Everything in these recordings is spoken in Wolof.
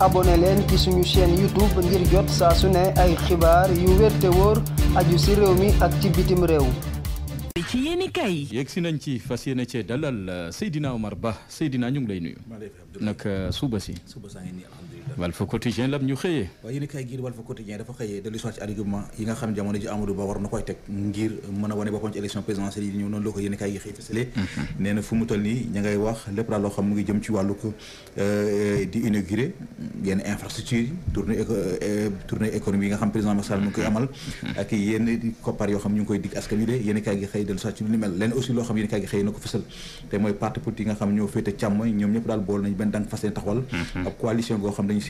abonné leen ci suñu chaîne YouTube ngir jot saa su ne ay xibaar yu wér te aju si réew mi ak ci bitim réew. ci yéen si nañ ci fas yéene cee dalal Seydina Omar Ba Seydina ñu ngi lay nuyu. nag euh, suba si. Walf Quotidien lam ñu xëyee waaw yéen kay giir Walf Quotidien dafa xëyee dellu soit argument yi nga xam jamono ji Amadou Ba war na koy teg ngir mën a wane boppam ci élection présidentielle yi ñëw noonu ko yéen kay yi xëy fësale mhm. nee na loo euh, euh, koy mhm. yenn kay gi xëy dellu ko fësal te mooy parti politique yi nga xam ñoo féete càmm ñoom ñëpp daal bool nañ benn dang fas leen taxawal mhm. ab coalition goo xam dañu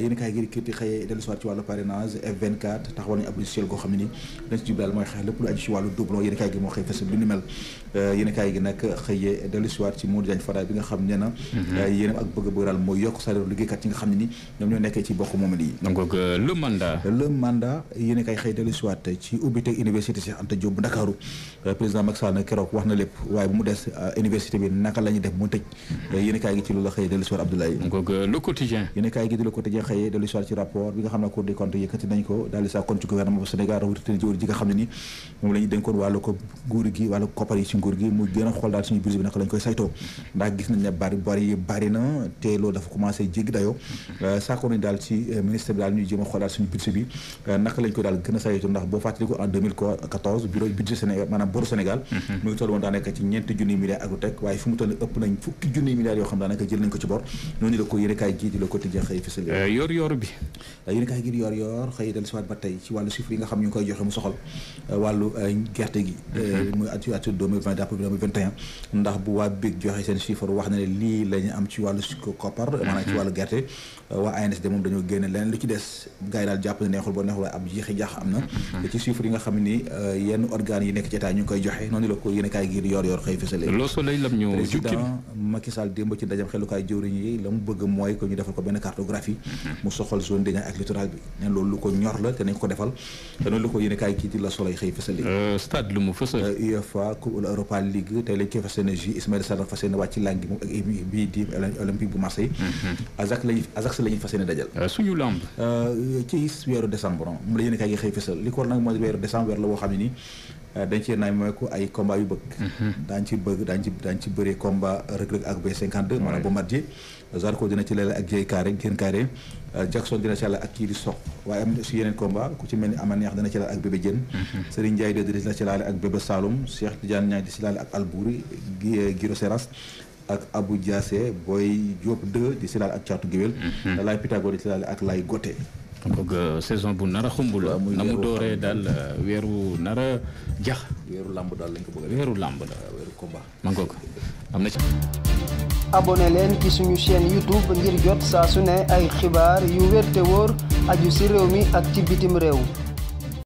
yéen kaay gi critique xëyee dellu soir ci wàllu parrainage F24 taxawal nañu ab logiciel goo xam ne ni dañ ci jublaal mooy xeex lépp lu aju ci wàllu doublon yéen kaay gi moo xëy fësal lu euh, gi nag xëyee dellu soir na la ñuy def mu tëj mhm. euh, yéen gi ci loolu la xëyee de l'histoire ci rapport bi nga xam ne Cour des comptes yëkkati nañ ko daal di saa ci gouvernement Sénégal rawatina teg waaye fi mu toll ëpp nañ fukki junniy milliards yoo xam daanaka jël nañ ko ci bor noonu la ko yéene kaay jii di le quotidien xëy fisal euh, yor yor bi euh, yéen kaay xëy dal si ba tey ci wàllu chiffre yi nga xam ñu ngi koy joxe mu soxal euh, wàllu euh, gerte gi mm-hmm. muy at at 2020 jàpp 2021 ndax bu waa BIC joxe seen chiffre wax na ne la am ci wàllu koppar mm-hmm. maanaam ci wàllu gerte waa ANSD moom dañoo génne leneen lu ci des gars yi daal jàpp ne neexul ba neexul waaye ab jiixi jaax am na mm-hmm. ci chiffre yi nga xam ni yenn organes yi nekk ci état ñu ngi koy joxe noonu la ko yéen kaay gi yor yor xëy fësale loo soleil lam ñu jukkil président Macky ci ndajam xelukaay jëwriñ yi la mu bëgg mooy ko ñu defal ko benn cartographie mu soxal zone dégâts ak littoral bi ne loolu lu ko ñor la te nañ ko defal te noonu lu ko yéene kaay kii di la soloy xëy fësal euh, stade lu mu fësal euh, UEFA coupe la Europa League tey lañ koy fas yéene ju Ismaïla Sarr fas yéene wàcc ci bii bu Marseille mm-hmm. lañu Ajax la ñuy fas yéene dajal euh, suñu lamb ci weeru décembre moom la yéene kaay gi xëy fësal li ko war nag mooy weeru décembre weer la boo xam ne nii dañ cee naaj mooy ko ay combat yu bëgg. Mhm. daañu ci bëgg daañu ci daañu ci bëree combat Reug Reug ak B52. maanaam Bombardier Zarko dina ci leela ak Dieye Kaare Diène Kaare Jackson dina ci àll ak kii di waaye am na yeneen combat ku ci mel ni Ama Neex dina ci laal ak bébé Diène. Mhm. Serigne Ndiaye dina ci laale ak bébé Saloum Cheikh Tidiane Niang di ci laale ak Albouri Giro euh, Seras. ak abu Diassé booy Diop 2 di si laal ak caatu géwél. da laay di si laal ak laay Gote. donc euh, saison bu nara a xumb la na mu dooree daal euh, weeru nar a jax. weeru làmb daal lañ ko bëgg weeru làmb la weeru combat. ma ngoog am na ci. abonné leen ci suñu YouTube ngir jot saa su ne ay xibaar yu wér te wóor aju si réew mi ak ci bitim réew.